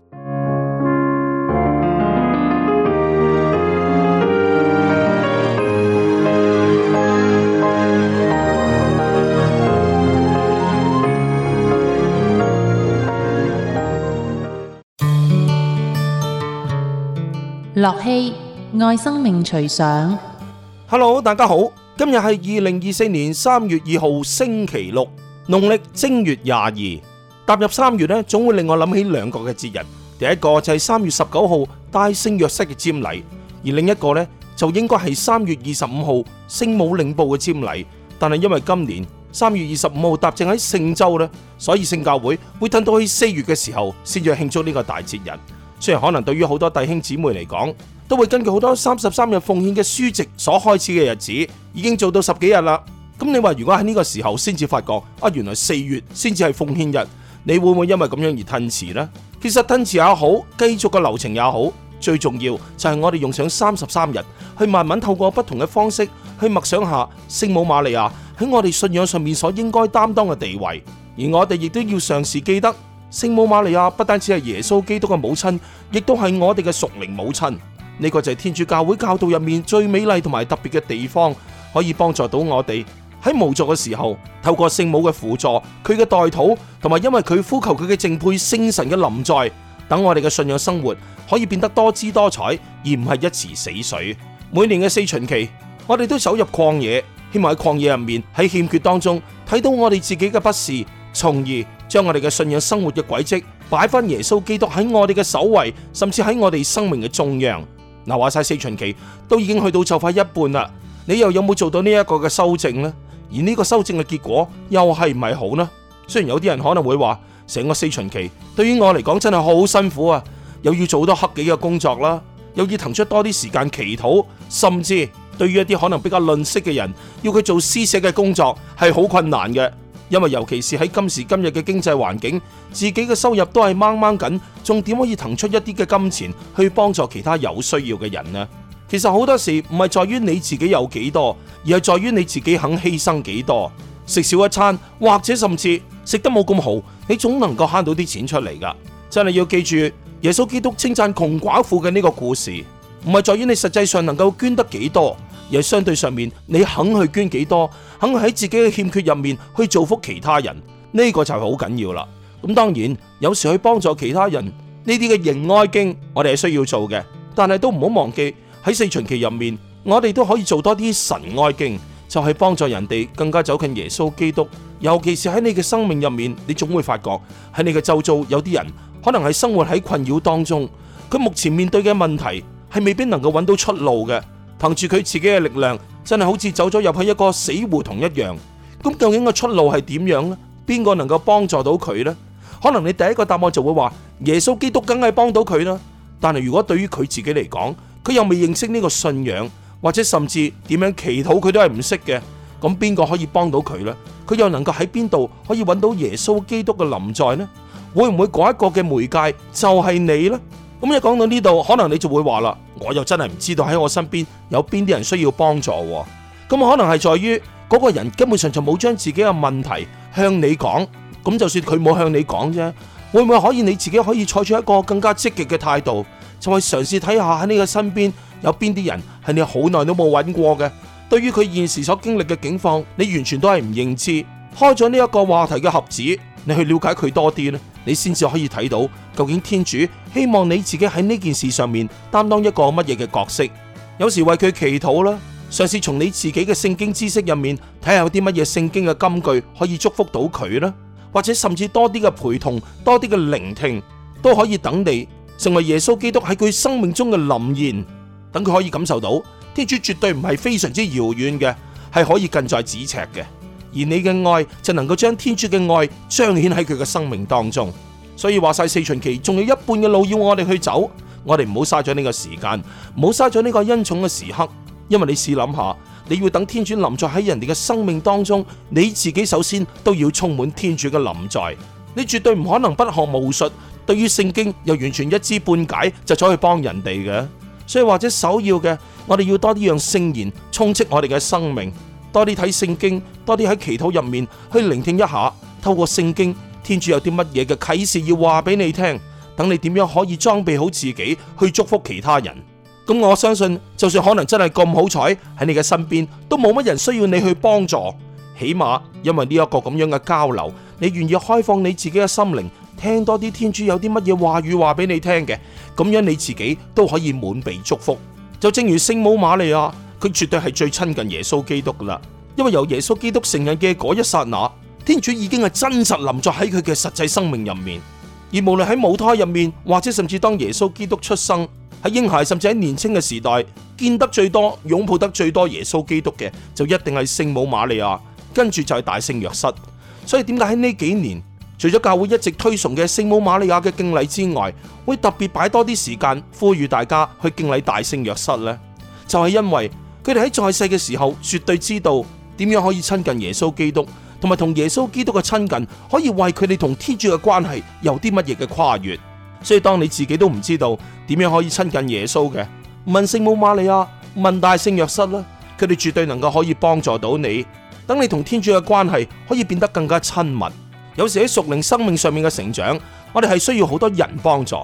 駱曦愛生命隨想，Hello，大家好，今日係二零二四年三月二號星期六，農曆正月廿二，踏入三月呢，總會令我諗起兩個嘅節日，第一個就係三月十九號大聖若瑟嘅瞻禮，而另一個呢就應該係三月二十五號聖母領報嘅瞻禮，但係因為今年三月二十五號踏正喺聖周呢，所以聖教會會等到喺四月嘅時候先要慶祝呢個大節日。雖然可能對於好多弟兄姊妹嚟講，都會根據好多三十三日奉獻嘅書籍所開始嘅日子，已經做到十幾日啦。咁你話如果喺呢個時候先至發覺，啊原來四月先至係奉獻日，你會唔會因為咁樣而褪遲呢？其實褪遲也好，繼續個流程也好，最重要就係我哋用上三十三日去慢慢透過不同嘅方式去默想下聖母瑪利亞喺我哋信仰上面所應該擔當嘅地位，而我哋亦都要嘗試記得。聖母瑪利亞不單止係耶穌基督嘅母親，亦都係我哋嘅屬靈母親。呢、這個就係天主教會教導入面最美麗同埋特別嘅地方，可以幫助到我哋喺無助嘅時候，透過聖母嘅輔助，佢嘅代禱，同埋因為佢呼求佢嘅敬佩聖神嘅臨在，等我哋嘅信仰生活可以變得多姿多彩，而唔係一池死水。每年嘅四旬期，我哋都走入曠野，希望喺曠野入面，喺欠缺當中，睇到我哋自己嘅不是。從而將我哋嘅信仰生活嘅軌跡擺翻耶穌基督喺我哋嘅首位，甚至喺我哋生命嘅中央。嗱、啊，話晒四旬期都已經去到就快一半啦，你又有冇做到呢一個嘅修正呢？而呢個修正嘅結果又係唔係好呢？雖然有啲人可能會話，成個四旬期對於我嚟講真係好辛苦啊，又要做多克己嘅工作啦，又要騰出多啲時間祈禱，甚至對於一啲可能比較吝嗇嘅人，要佢做施捨嘅工作係好困難嘅。因為尤其是喺今時今日嘅經濟環境，自己嘅收入都係掹掹緊，仲點可以騰出一啲嘅金錢去幫助其他有需要嘅人呢？其實好多時唔係在於你自己有幾多，而係在於你自己肯犧牲幾多，食少一餐或者甚至食得冇咁好，你總能夠慳到啲錢出嚟噶。真係要記住，耶穌基督稱讚窮寡婦嘅呢個故事，唔係在於你實際上能夠捐得幾多。又相對上面，你肯去捐幾多，肯喺自己嘅欠缺入面去造福其他人，呢個就係好緊要啦。咁當然，有時去幫助其他人呢啲嘅形哀矜，我哋係需要做嘅，但係都唔好忘記喺四旬期入面，我哋都可以做多啲神哀矜，就係幫助人哋更加走近耶穌基督。尤其是喺你嘅生命入面，你總會發覺喺你嘅周遭有啲人可能係生活喺困擾當中，佢目前面對嘅問題係未必能夠搵到出路嘅。憑住佢自己嘅力量，真係好似走咗入去一個死胡同一樣。咁究竟個出路係點樣呢？邊個能夠幫助到佢呢？可能你第一個答案就會話耶穌基督梗係幫到佢啦。但係如果對於佢自己嚟講，佢又未認識呢個信仰，或者甚至點樣祈禱佢都係唔識嘅，咁邊個可以幫到佢呢？佢又能夠喺邊度可以揾到耶穌基督嘅臨在呢？會唔會嗰一個嘅媒介就係你呢？咁一講到呢度，可能你就會話啦。我又真係唔知道喺我身邊有邊啲人需要幫助，咁可能係在於嗰個人根本上就冇將自己嘅問題向你講，咁就算佢冇向你講啫，會唔會可以你自己可以採取一個更加積極嘅態度，就去嘗試睇下喺你嘅身邊有邊啲人係你好耐都冇搵過嘅，對於佢現時所經歷嘅境況，你完全都係唔認知，開咗呢一個話題嘅盒子，你去了解佢多啲咧。你先至可以睇到究竟天主希望你自己喺呢件事上面擔當一個乜嘢嘅角色？有時為佢祈禱啦，嘗試從你自己嘅聖經知識入面睇下有啲乜嘢聖經嘅金句可以祝福到佢啦，或者甚至多啲嘅陪同、多啲嘅聆聽都可以等你成為耶穌基督喺佢生命中嘅臨現，等佢可以感受到天主絕對唔係非常之遙遠嘅，係可以近在咫尺嘅。而你嘅愛就能夠將天主嘅愛彰顯喺佢嘅生命當中，所以話晒四旬期仲有一半嘅路要我哋去走，我哋唔好嘥咗呢個時間，唔好嘥咗呢個恩寵嘅時刻，因為你試諗下，你要等天主臨在喺人哋嘅生命當中，你自己首先都要充滿天主嘅臨在，你絕對唔可能不學無術，對於聖經又完全一知半解就走去幫人哋嘅。所以或者首要嘅，我哋要多啲讓聖言充斥我哋嘅生命。多啲睇聖經，多啲喺祈禱入面去聆聽一下，透過聖經，天主有啲乜嘢嘅啟示要話俾你聽，等你點樣可以裝備好自己去祝福其他人。咁我相信，就算可能真係咁好彩喺你嘅身邊，都冇乜人需要你去幫助。起碼因為呢一個咁樣嘅交流，你願意開放你自己嘅心靈，聽多啲天主有啲乜嘢話語話俾你聽嘅，咁樣你自己都可以滿被祝福。就正如聖母瑪利亞。佢絕對係最親近耶穌基督噶啦，因為由耶穌基督成人嘅嗰一剎那，天主已經係真實臨在喺佢嘅實際生命入面。而無論喺母胎入面，或者甚至當耶穌基督出生喺嬰孩，甚至喺年青嘅時代，見得最多、擁抱得最多耶穌基督嘅，就一定係聖母瑪利亞，跟住就係大聖若瑟。所以點解喺呢幾年，除咗教會一直推崇嘅聖母瑪利亞嘅敬禮之外，會特別擺多啲時間呼籲大家去敬禮大聖若瑟呢？就係、是、因為。佢哋喺在世嘅時候，絕對知道點樣可以親近耶穌基督，同埋同耶穌基督嘅親近，可以為佢哋同天主嘅關係有啲乜嘢嘅跨越。所以當你自己都唔知道點樣可以親近耶穌嘅，問聖母瑪利亞，問大聖若瑟啦，佢哋絕對能夠可以幫助到你，等你同天主嘅關係可以變得更加親密。有時喺屬靈生命上面嘅成長，我哋係需要好多人幫助。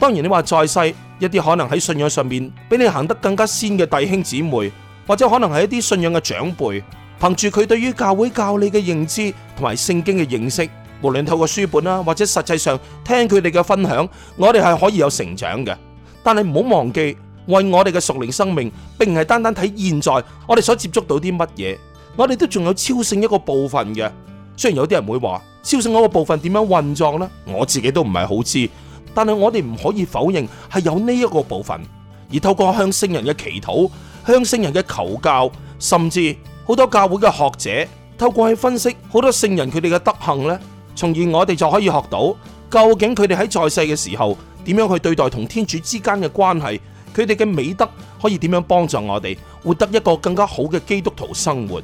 當然你說在，你話再細一啲，可能喺信仰上面比你行得更加先嘅弟兄姊妹，或者可能係一啲信仰嘅長輩，憑住佢對於教會教理嘅認知同埋聖經嘅認識，無論透過書本啦，或者實際上聽佢哋嘅分享，我哋係可以有成長嘅。但係唔好忘記，為我哋嘅屬靈生命，並唔係單單睇現在我哋所接觸到啲乜嘢，我哋都仲有超勝一個部分嘅。雖然有啲人會話超勝嗰個部分點樣運作呢？我自己都唔係好知。但係我哋唔可以否認係有呢一個部分，而透過向聖人嘅祈禱、向聖人嘅求教，甚至好多教會嘅學者透過去分析好多聖人佢哋嘅德行呢，從而我哋就可以學到究竟佢哋喺在世嘅時候點樣去對待同天主之間嘅關係，佢哋嘅美德可以點樣幫助我哋獲得一個更加好嘅基督徒生活。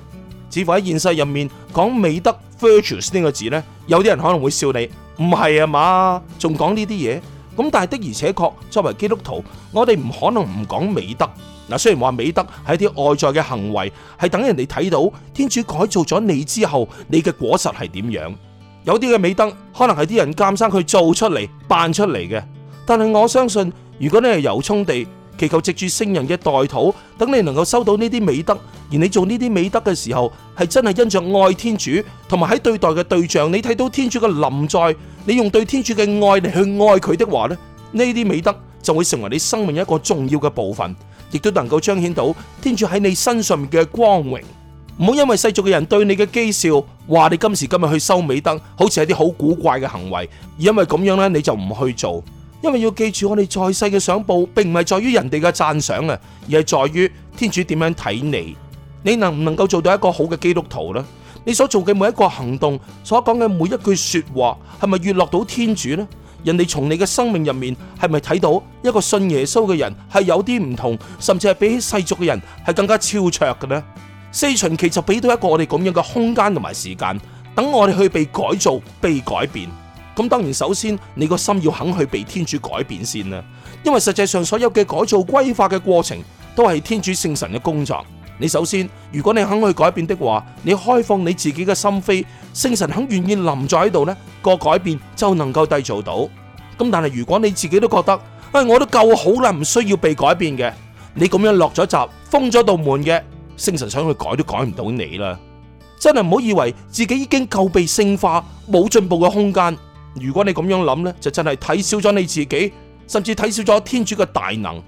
至係喺現世入面講美德 （virtuous） 呢個字呢，有啲人可能會笑你。唔係啊嘛，仲講呢啲嘢，咁但係的而且確，作為基督徒，我哋唔可能唔講美德。嗱，雖然話美德係一啲外在嘅行為，係等人哋睇到天主改造咗你之後，你嘅果實係點樣。有啲嘅美德可能係啲人監生佢做出嚟、扮出嚟嘅，但係我相信，如果你係由衷地。祈求藉住聖人嘅代禱，等你能夠收到呢啲美德。而你做呢啲美德嘅時候，係真係因着愛天主，同埋喺對待嘅對象，你睇到天主嘅臨在，你用對天主嘅愛嚟去愛佢的話咧，呢啲美德就會成為你生命一個重要嘅部分，亦都能夠彰顯到天主喺你身上面嘅光榮。唔好因為世俗嘅人對你嘅譏笑，話你今時今日去修美德，好似係啲好古怪嘅行為，而因為咁樣咧，你就唔去做。因為要記住，我哋在世嘅想報，並唔係在於人哋嘅讚賞啊，而係在於天主點樣睇你。你能唔能夠做到一個好嘅基督徒呢？你所做嘅每一個行動，所講嘅每一句說話，係咪悅樂到天主呢？人哋從你嘅生命入面，係咪睇到一個信耶穌嘅人係有啲唔同，甚至係比起世俗嘅人係更加超卓嘅呢？四旬期就俾到一個我哋咁樣嘅空間同埋時間，等我哋去被改造、被改變。咁當然，首先你個心要肯去被天主改變先啦。因為實際上所有嘅改造，規劃嘅過程都係天主聖神嘅工作。你首先，如果你肯去改變的話，你開放你自己嘅心扉，聖神肯願意臨在喺度，呢個改變就能夠締造到。咁但係如果你自己都覺得唉、哎，我都夠好啦，唔需要被改變嘅，你咁樣落咗閘，封咗道門嘅，聖神想去改都改唔到你啦。真係唔好以為自己已經夠被聖化，冇進步嘅空間。如果你咁樣諗呢，就真係睇小咗你自己，甚至睇小咗天主嘅大能。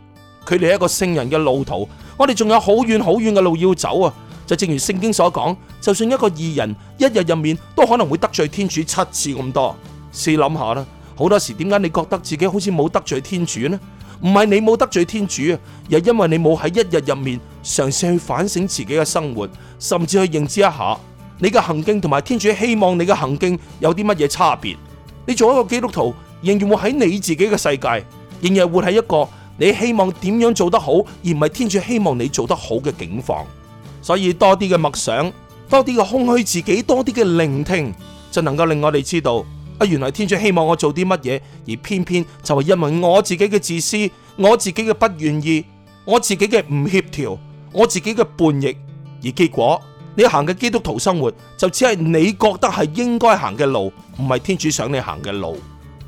距離一個聖人嘅路途，我哋仲有好遠好遠嘅路要走啊！就正如聖經所講，就算一個義人，一日入面都可能會得罪天主七次咁多。試諗下啦，好多時點解你覺得自己好似冇得罪天主呢？唔係你冇得罪天主啊，又因為你冇喺一日入面嘗試去反省自己嘅生活，甚至去認知一下你嘅行徑同埋天主希望你嘅行徑有啲乜嘢差別。你做一個基督徒，仍然會喺你自己嘅世界，仍然活喺一個你希望點樣做得好，而唔係天主希望你做得好嘅境況。所以多啲嘅默想，多啲嘅空虛自己，多啲嘅聆聽，就能夠令我哋知道啊！原來天主希望我做啲乜嘢，而偏偏就係因為我自己嘅自私，我自己嘅不願意，我自己嘅唔協調，我自己嘅叛逆，而結果。你行嘅基督徒生活就只係你覺得係應該行嘅路，唔係天主想你行嘅路。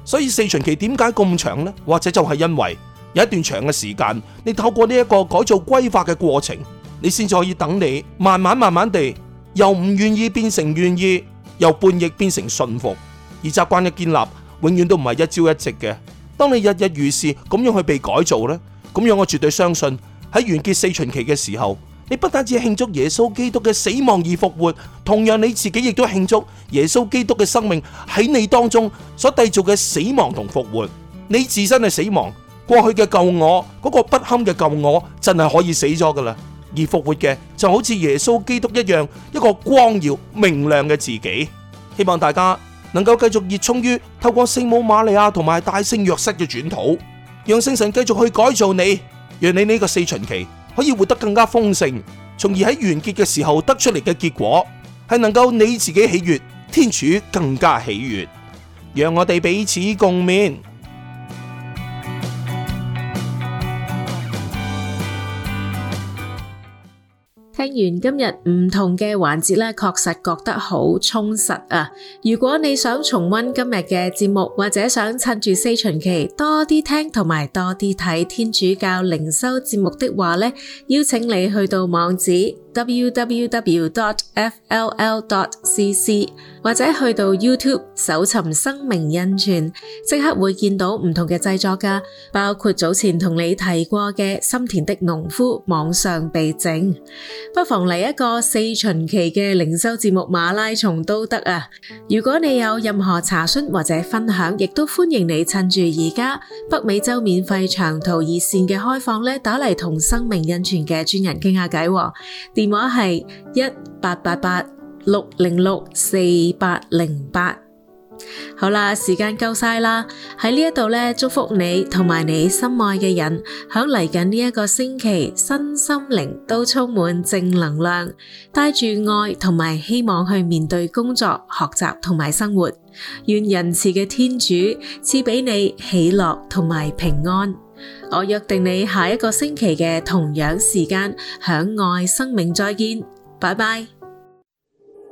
所以四旬期點解咁長呢？或者就係因為有一段長嘅時間，你透過呢一個改造歸化嘅過程，你先至可以等你慢慢慢慢地由唔願意變成願意，由叛逆變成信服，而習慣嘅建立永遠都唔係一朝一夕嘅。當你日日如是咁樣去被改造呢，咁樣我絕對相信喺完結四旬期嘅時候。你不單止慶祝耶穌基督嘅死亡而復活，同樣你自己亦都慶祝耶穌基督嘅生命喺你當中所締造嘅死亡同復活。你自身嘅死亡，過去嘅舊我，嗰個不堪嘅舊我，真係可以死咗噶啦，而復活嘅就好似耶穌基督一樣，一個光耀明亮嘅自己。希望大家能夠繼續熱衷於透過聖母瑪利亞同埋大聖若瑟嘅轉禱，讓聖神繼續去改造你，讓你呢個四旬期。可以活得更加豐盛，從而喺完結嘅時候得出嚟嘅結果，係能夠你自己喜悅，天主更加喜悅，讓我哋彼此共勉。聽完今日唔同嘅環節咧，確實覺得好充實啊！如果你想重温今日嘅節目，或者想趁住四旬期多啲聽同埋多啲睇天主教靈修節目的話咧，邀請你去到網址 www.fll.cc。或者去到 YouTube 搜尋生命恩泉，即刻會見到唔同嘅製作家，包括早前同你提過嘅《心田的農夫》網上避靜，不妨嚟一個四旬期嘅靈修節目馬拉松都得啊！如果你有任何查詢或者分享，亦都歡迎你趁住而家北美洲免費長途熱綫嘅開放咧，打嚟同生命恩泉嘅專人傾下偈，電話係一八八八、六零六四八零八，好啦，時間夠晒啦。喺呢一度咧，祝福你同埋你心愛嘅人，響嚟緊呢一個星期，身心靈都充滿正能量，帶住愛同埋希望去面對工作、學習同埋生活。願仁慈嘅天主賜畀你喜樂同埋平安。我約定你下一個星期嘅同樣時間，響愛生命再見，拜拜。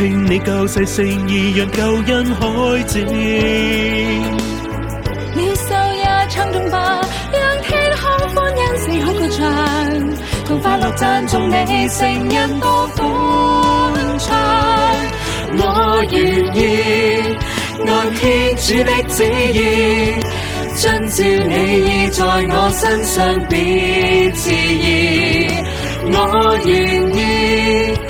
聽你世義救世聲，意讓救恩開展。你受也撐動吧，讓天空歡欣四海歌唱，同快樂讚頌你，成日高歡唱。我願意，按天主的旨意，盡照你意在我身上別遲疑。我願意。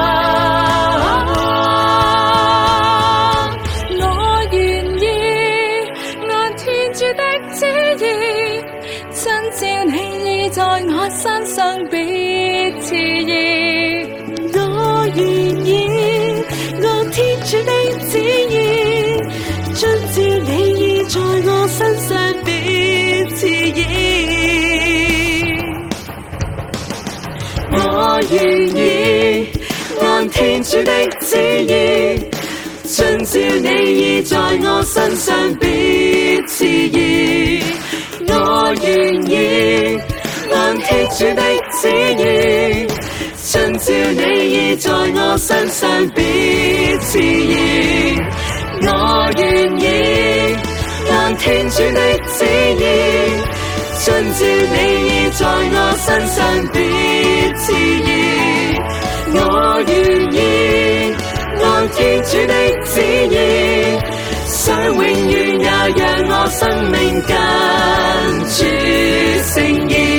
我願意按天主的旨意，盡照你意在我身上別遲延。我願意按天主的旨意，盡照你意在我身上別遲延。我願意按天主的旨意。盡照你意在我身上別遲意，我願意按天主的旨意，想永遠也讓我生命跟著旨意。